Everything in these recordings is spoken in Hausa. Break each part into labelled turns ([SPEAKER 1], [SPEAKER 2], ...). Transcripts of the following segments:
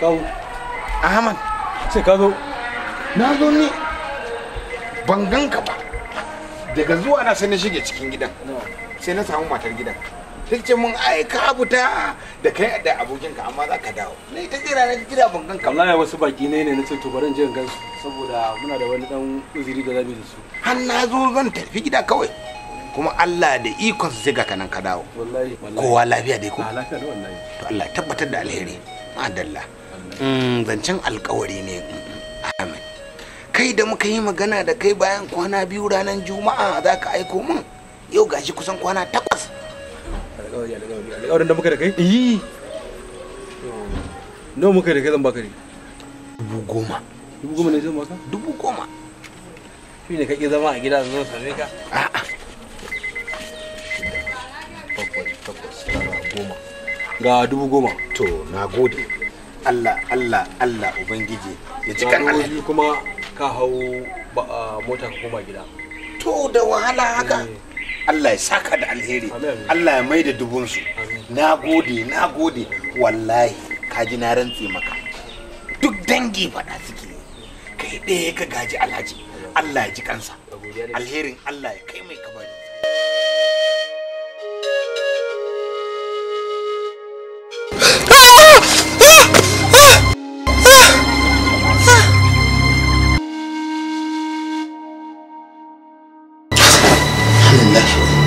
[SPEAKER 1] kawo ahmad sai ka zo na zo ni ban ganka ba daga zuwa na sai na shige cikin gidan sai na samu matar gidan sai ce mun ai ka abuta da kai da abokinka amma za ka dawo na ita tsira na gida ban ganka wallahi wasu baki ne ne na ce to bari in je in gansu saboda muna da wani dan uziri da zabi su har na zo zan tafi gida kawai eh. kuma Allah da ikon sai ga kanan ka dawo kowa lafiya dai ko to Allah tabbatar da alheri adalla mm, zancen alkawari ne amin kai da muka yi magana da kai bayan kwana biyu ranar juma'a za ka aiko mun yau gashi kusan kwana takwas alkawarin da muka da kai yi nawa muka da kai zan baka ne dubu goma dubu goma ne zan baka dubu goma shi ne kake zama a gida zan sare ka a'a ga dubu goma to na gode allah allah allah ubangiji ya ci kan allah kuma ka hau mota ka koma gida to da wahala haka eh. allah ya saka da alheri allah ya mai da dubunsu na gode na gode wallahi ka ji na rantse maka duk dangi faɗa suke kai ɗaya ka gaji alhaji allah ya ji kansa alherin allah ya kai mai
[SPEAKER 2] naturally.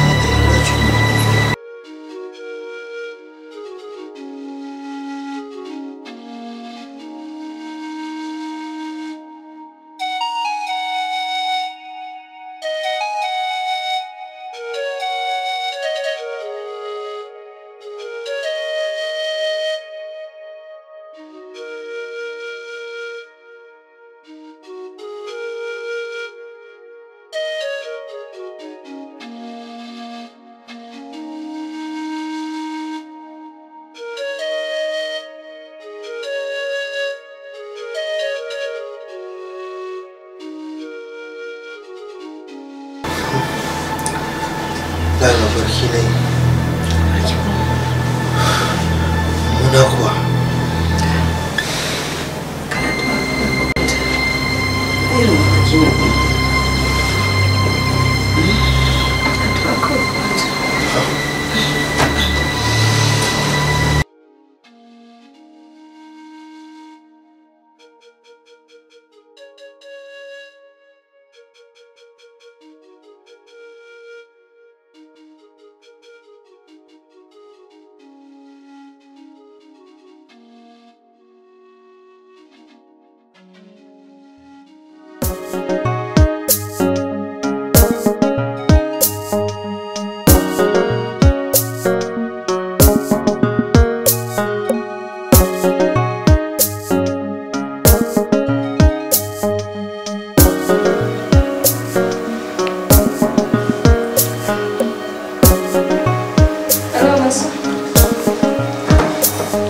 [SPEAKER 2] Yes.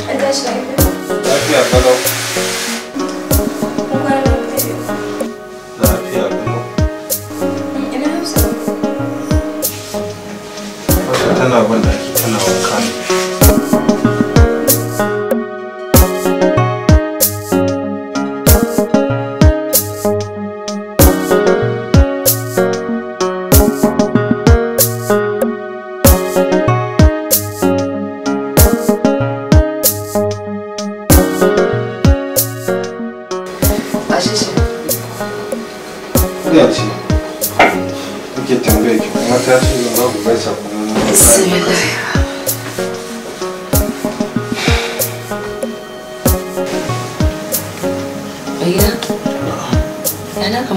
[SPEAKER 2] Attach like this. Okay, follow.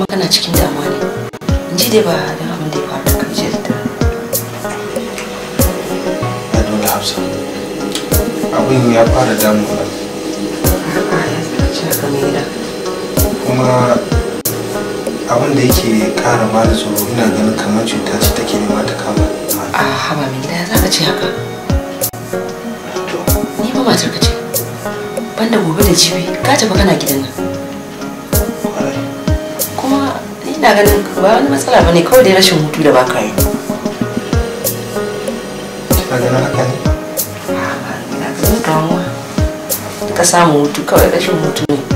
[SPEAKER 3] kuma kana cikin damuwa ne in ji dai ba da abin da ya faru
[SPEAKER 2] kan je da
[SPEAKER 1] a dole hafsa abin ya fara damuwa kuma abin da yake kara ma da tsoro ina ganin kamar
[SPEAKER 3] cuta ce take nema ta kama a haba min da za ka ce haka ni ba matar ka ce banda gobe da jibi ka tafi kana gidan nan ina ganin ba wani matsala bane kawai dai rashin hutu da baka yi ba haka ne ka samu hutu kawai rashin hutu ne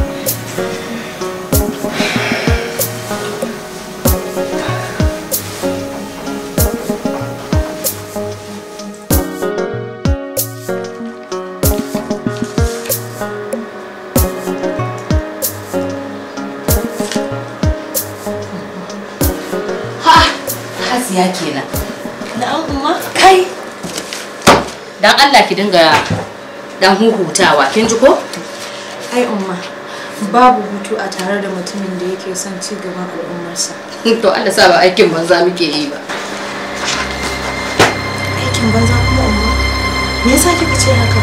[SPEAKER 3] ya kenan na'am umma kai dan Allah ki dinga dan huhutawa kin ji ko ai umma babu hutu a tare da mutumin da yake son ci gaban al'ummarsa to Allah sa ba aikin banza muke yi ba aikin banza kuma umma me yasa kika ce haka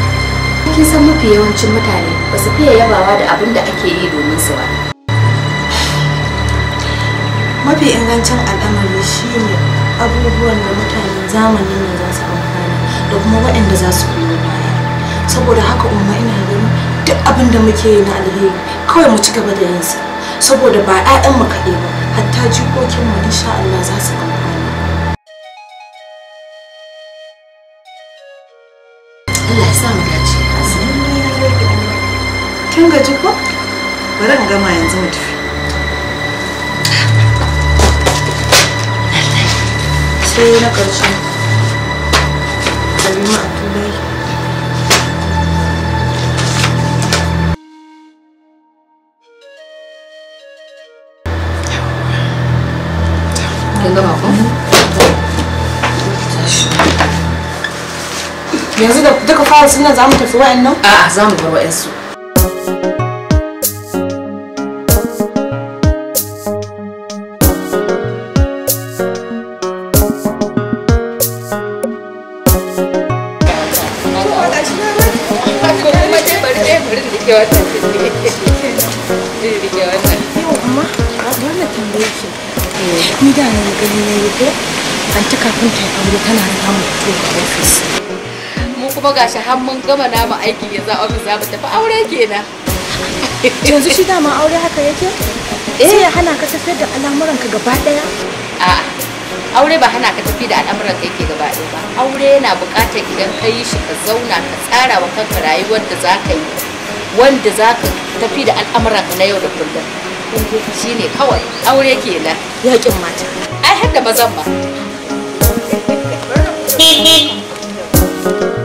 [SPEAKER 3] Kike san mafi yawancin mutane ba su fiye yabawa da abin da ake yi domin su ba mafi ingancin al'amari shi ne
[SPEAKER 1] abubuwan da mutanen zamanin nan za su amfana da kuma waɗanda za
[SPEAKER 2] su koyi baya
[SPEAKER 3] saboda haka umma ina ganin duk abin da muke yi na alheri kawai mu ci gaba da yin
[SPEAKER 2] sa saboda ba mu kaɗai ba hatta mu insha Allah za su amfana Allah ya sa mu dace kin gaji ko bari in gama yanzu mu tafi sai na ƙarshe salima abdullahi
[SPEAKER 3] yanzu da kuka fara sunan za mu tafi wa'annan? a'a za mu bar wa'ansu amma wannan tambaye ki
[SPEAKER 2] ni da nan gani ne yi ko
[SPEAKER 1] an ta kafin ta aure tana riga mu to ga ofis
[SPEAKER 3] mu kuma gashi har mun gama namu aiki yanzu a ofis za mu tafi aure kenan yanzu shi dama aure haka yake eh. sai ya hana ka tafiyar da al'amuranka gaba daya a'a aure ba hana ka tafi da al'amuran kai ke gaba ɗaya ba aure yana buƙatar idan ka yi shi ka zauna ka tsara wa kanka rayuwar da za ka yi wanda za ka tafi da al'amuran na yau da kullum shi ne kawai aure kenan yakin mata ai har da zan ba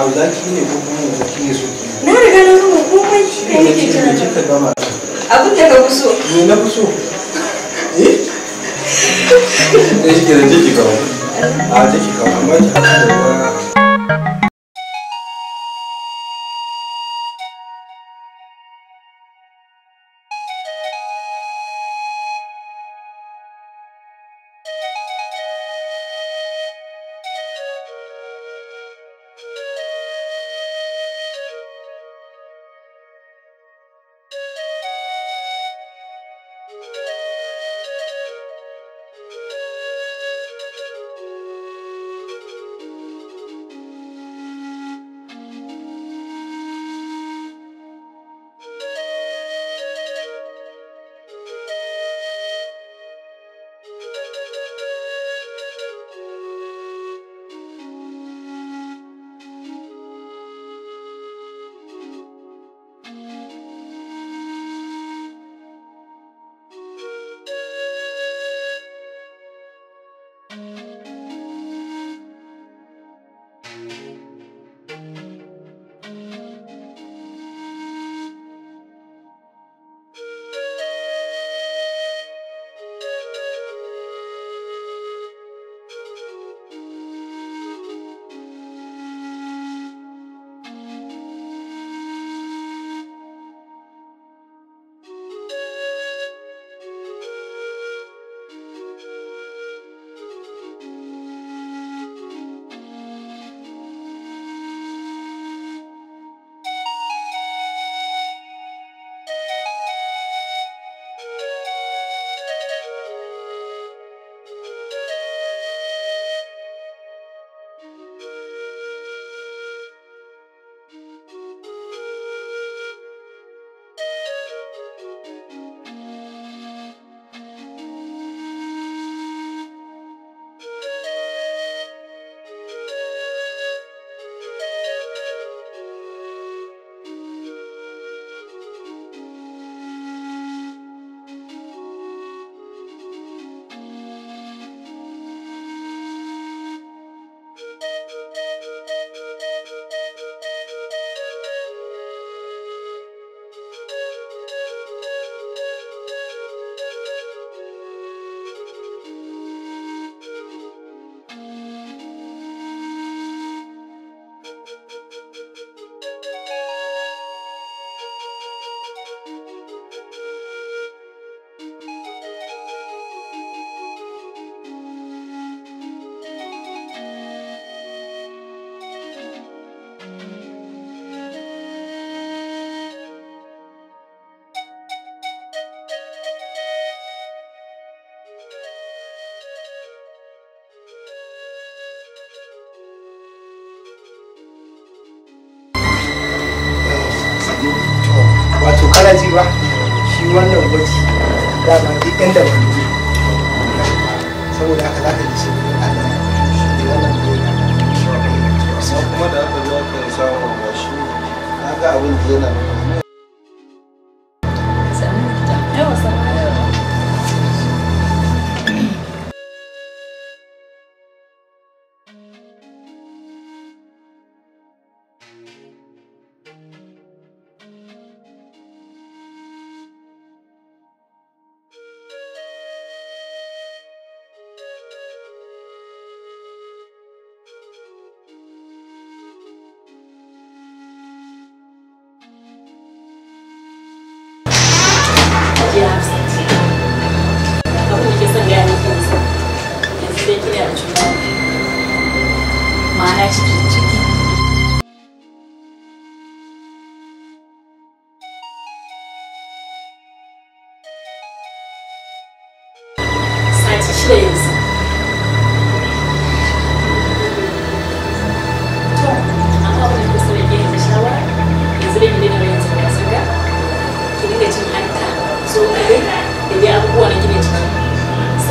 [SPEAKER 1] a zaki ne ko kuma yanzu kike su. na riga na gama komai da yake jira da kika gama abin da ka fi so me na fi so eh ne eh, shi da jiki
[SPEAKER 2] kawo a ah, jiki kawo amma ki haɗa da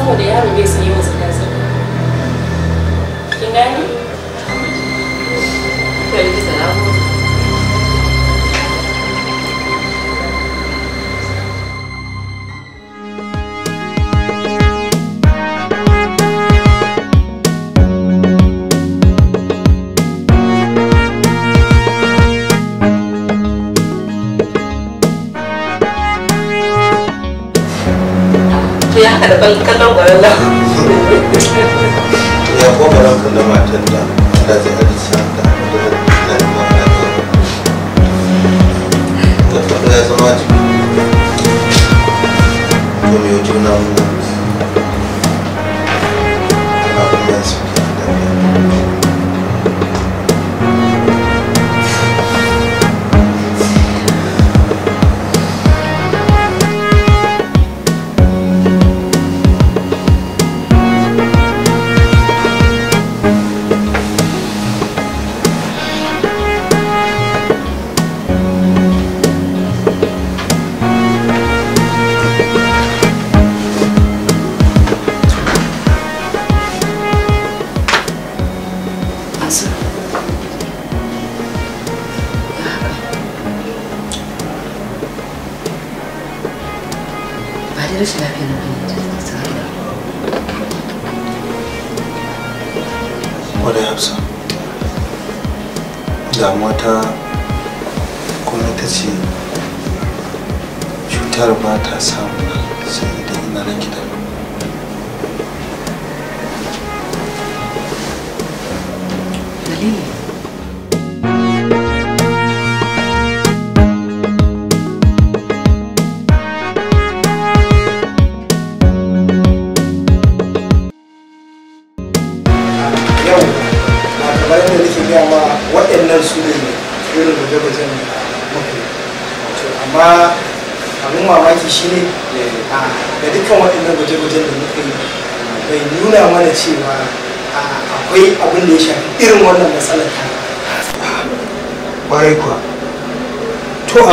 [SPEAKER 3] coreano, o san yi karban kallon ƙwararra
[SPEAKER 1] ya ko ranka da matan da da zai hadisa da da faɗo ya zama jiki to mai wuce na mu na kuma da ba ta samu sai idan ina nan gida dalili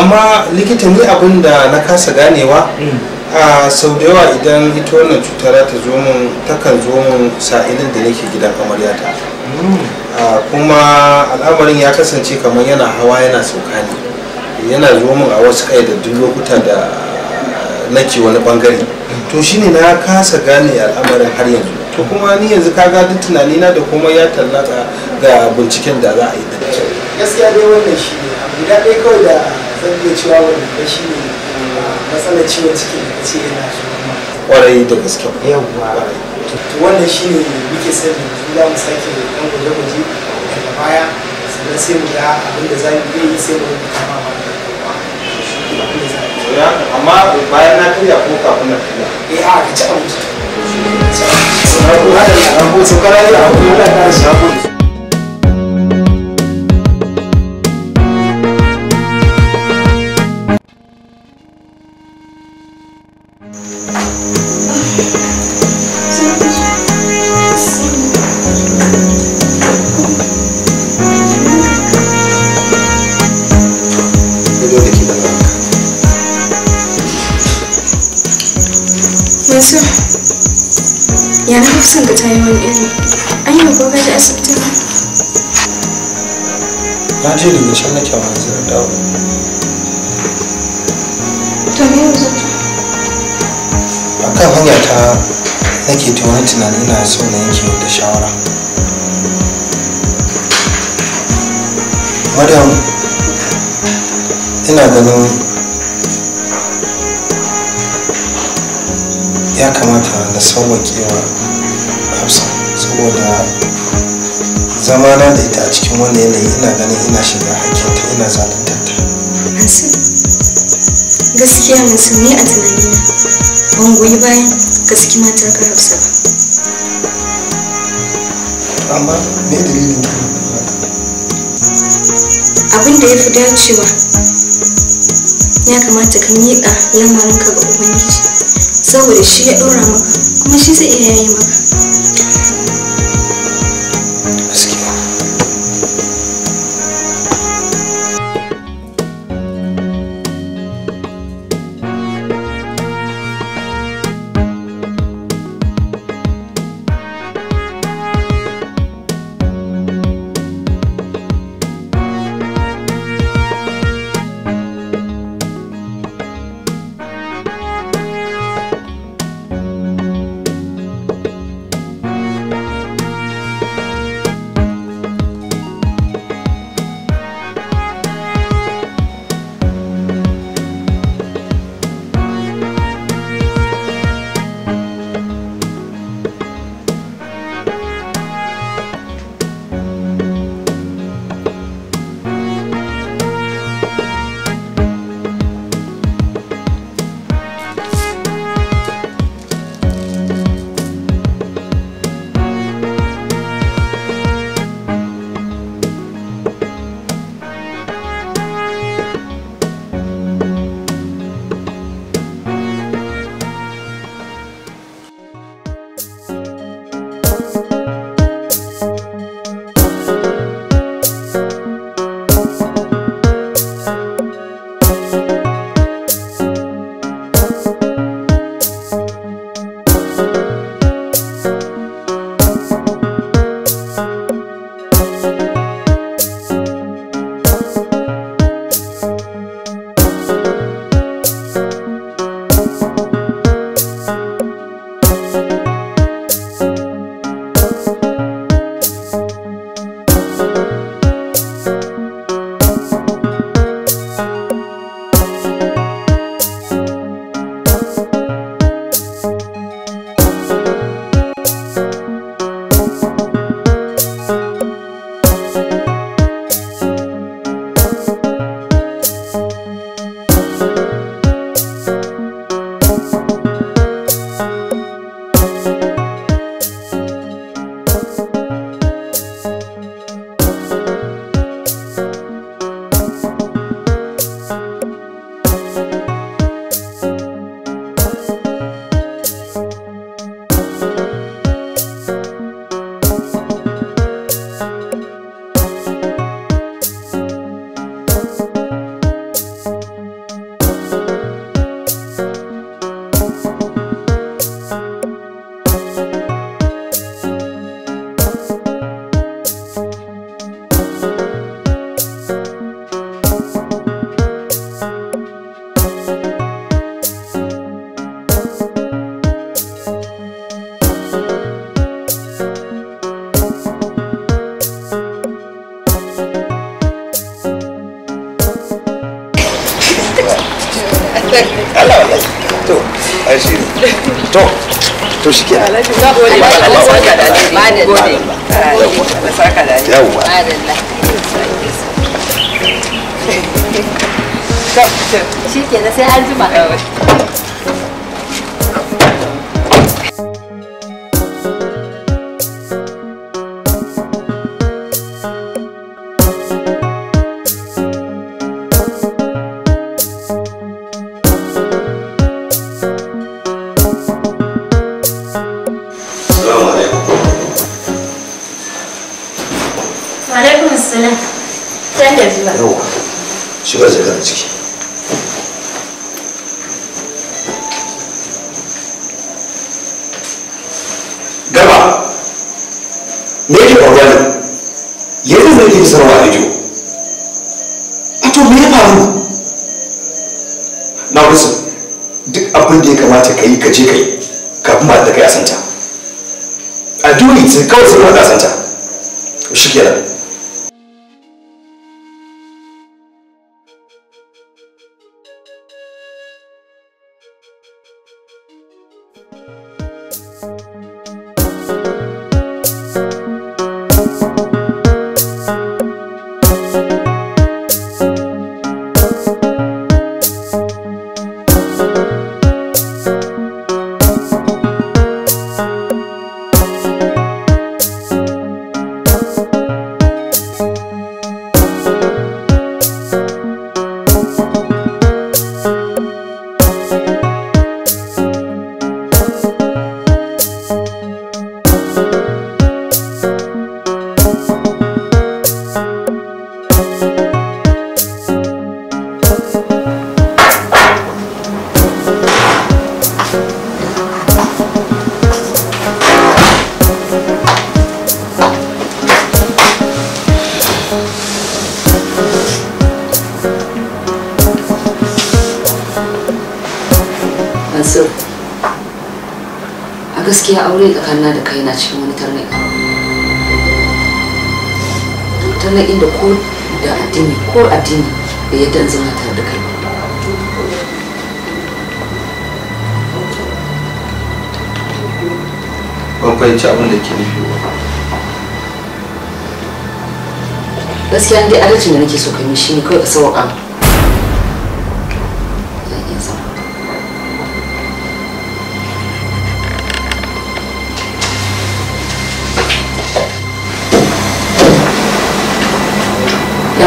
[SPEAKER 1] amma likita ne abin da na kasa ganewa mm. a sau da yawa idan ita wannan cutar ta zo mun takan zo mun sa'ilin da nake gidan amaryata mm. kuma al'amarin ya kasance kamar yana hawa yana sauka ne yana zo mun a wasu duk lokuta da nake wani bangare mm. to shine na kasa gane al'amarin har yanzu to kuma ni yanzu ka ga duk tunani na da kuma ya tallata ga binciken da za a yi da gaskiya dai wannan shi ne abu da kawai da zan iya cewa wannan shi ne eh, matsalar ciwon ciki da kace yana zuwa ma kwarai da gaske yawwa to wannan shi ne muke son yanzu za mu sake dan gwaje-gwaje daga baya sannan sai mu ga abin da za mu iya yi sai mu rubuta ma ba da kowa amma bayan na karya ko kafin na karya eh a ka ci abinci ci ko na kuma da na ko da na kuma da na kuma son ka tayi wani iri an yi ko gaji asibitin na je daga can na kyawa yanzu na dawo to me yanzu a kan hanya ta nake ta wani tunani ina so na yanke da shawara madam ina ganin ya kamata na sauwaƙewa hausa saboda na da ita a cikin wani yanayi ina ganin ina shiga hakinta ina zalunta ta
[SPEAKER 2] gaskiya masu
[SPEAKER 1] ni a tunanina ban goyi bayan gaskiya matar ka hafsa ba amma me dalilin ka abin da ya fi dacewa ya kamata ka miƙa lamarinka ga ubangiji saboda shi ya ɗora maka kuma shi zai iya yi maka
[SPEAKER 3] yawwa shi ke na sai an jima
[SPEAKER 1] ya kamata ka yi ka je ka yi kafin ba da kai a a
[SPEAKER 2] duniya sai kawai sai ka asanta shi kenan
[SPEAKER 3] ya aure kanna da kai cikin wani tarnaƙi tarnaƙin inda ko da addini ko addini da yadda in zama tare da kai
[SPEAKER 1] ban fahimci abin da ke
[SPEAKER 3] nufi gaskiya dai adalcin da nake so kai shi ne kawai ka sauƙa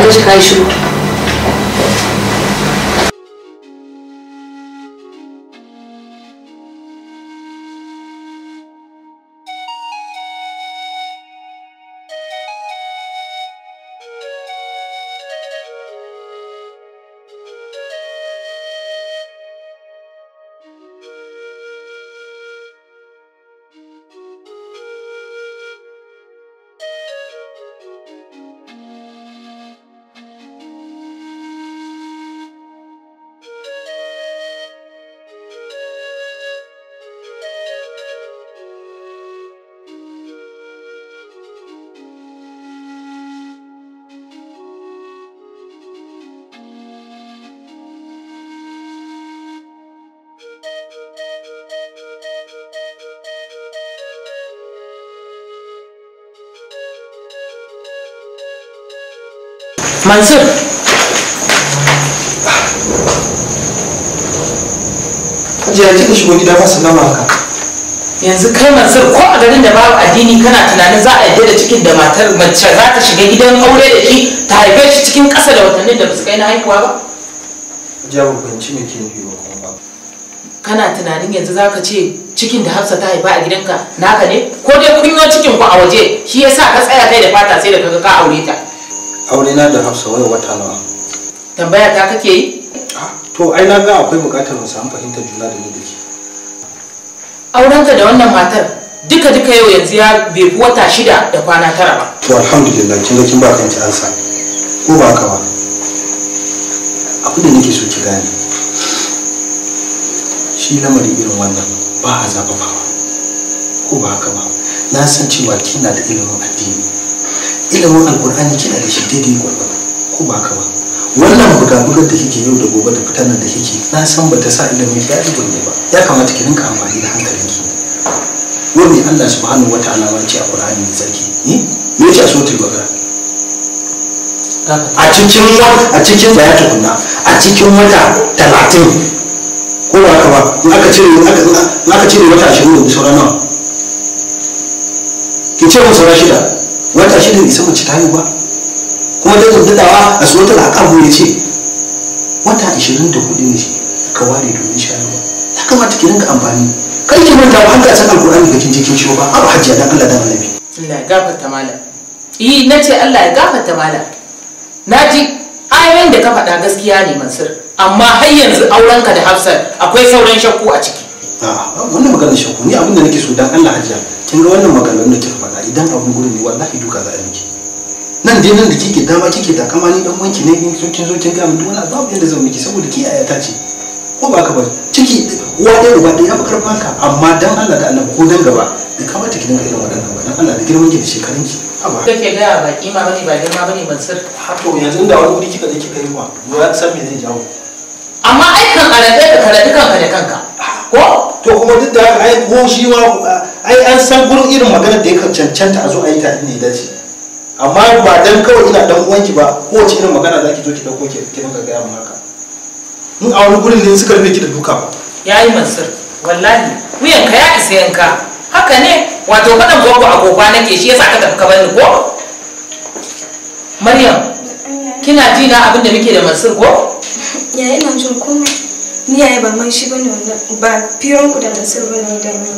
[SPEAKER 2] बजे खाई mansur
[SPEAKER 3] hajiya kika shigo gida ba sallama ka yanzu kai mansur ko a garin da babu addini kana tunanin za a yadda da cikin da matar mace za ta shiga gidan aure da shi ta haife shi cikin ƙasa da watannin da ba su kai na haihuwa ba
[SPEAKER 1] hajiya babbanci ne ke nufi ba
[SPEAKER 3] kana tunanin yanzu za ka ce cikin da hafsa ta haifa a gidanka naka ne ko dai kunyo cikin ku a waje shi yasa ka tsaya kai da fata sai da kaga ka aure ta
[SPEAKER 1] aure na da hafsa wai wata nawa
[SPEAKER 3] tambaya ta kake yi
[SPEAKER 1] to ai na ga akwai bukatar mu samu fahimtar juna da ni dake
[SPEAKER 3] aurenka da wannan matar duka duka yau yanzu ya bai fi wata shida da kwana tara ba
[SPEAKER 1] to alhamdulillah kin ga kin ba kanki ansa ko ba haka ba abin da nake so ki gane shi lamari irin wannan ba a zafafawa ko ba haka ba na san cewa kina da ilimin ilimin alkur'ani kina da shi daidai gwargwado ko ba ka ba wannan bugabugar da kike yau da gobe da fitan da kike na san ba ta sa ilimin ya ji gunde ba ya kamata ki rinka amfani da hankalinki wani Allah subhanahu wa ta'ala ce a Qur'ani ne sarki ne me ce a Sotar baqara a cikin a cikin da ya tukunna a cikin wata 30 ko ba ka ba in aka cire in aka cire wata 20 da sauran nawa ki ce mun sauran shida wata shi ne isa mace ta yi ba kuma zan dadawa a wata aqab ya ce wata kudi ne ka ware domin shayarwa
[SPEAKER 3] ya kamata ki rinka
[SPEAKER 1] amfani kai ki manta ba hanka san alqur'ani ga kinje kin shi ba abu hajji dan Allah da annabi
[SPEAKER 3] Allah ya gafarta malam yi nace Allah ya gafarta malam naji ayoyin da ka faɗa gaskiya ne Mansur amma har yanzu aurenka da Hafsat akwai sauran shakku a ciki
[SPEAKER 1] wannan maganar shakku ni abin da nake so dan Allah hajiya kin ga wannan maganar da kika faɗa idan abun gurin ne wallahi duka za a miki nan dai nan da kike dama kike da kama ni dan wanki ne in so kin zo kin ga mun duk wani babu yanda zan miki saboda ki ayata ce ko ba ka ba ciki uwa ɗaya dai ya ba karfan ka amma dan Allah da Allah ko dan gaba bai kamata ki dinga irin waɗannan ba dan Allah da girman ki da shekarun ki
[SPEAKER 3] haba kake ga ba kima bane ba girma bane ban sir hato yanzu da wani guri kika da kika yi wa ya san me zai jawo amma ai kan da karatu kanka da kanka
[SPEAKER 1] ko to kuma duk da haka ai ko shi ma ai an san gurin irin maganar da ya cancanta a zo a yi ta ne dace amma ba dan kawai ina dan uwanki ba kowace irin magana zaki zo ki dauko ki ki maka gaya mun haka in a wani gurin ne suka rufe ki da duka ba
[SPEAKER 3] yayi mansur wallahi wuyan ka ya isa yanka haka ne wato kadan babu agoba nake shi yasa ka tafi bani ko maryam kina
[SPEAKER 1] ji na abin
[SPEAKER 2] da muke da mansur ko
[SPEAKER 1] yayi nan jin komai ni yayi ba man shi bane wannan ba fiyon ku da nasir bane da ni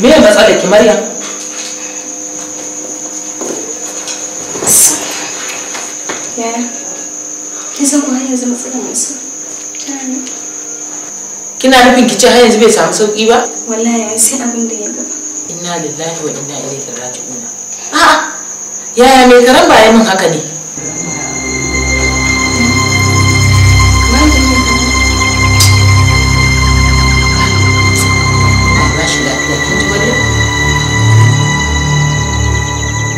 [SPEAKER 1] me ya matsala ki maryam
[SPEAKER 2] ya kin san ko har yanzu matsala mai su
[SPEAKER 3] kina nufin ki ce har yanzu bai samu sauki ba
[SPEAKER 1] wallahi sai abin da ya gaba
[SPEAKER 3] inna lillahi wa inna ilaihi raji'un
[SPEAKER 1] a'a yaya
[SPEAKER 3] mai karan ba min haka ne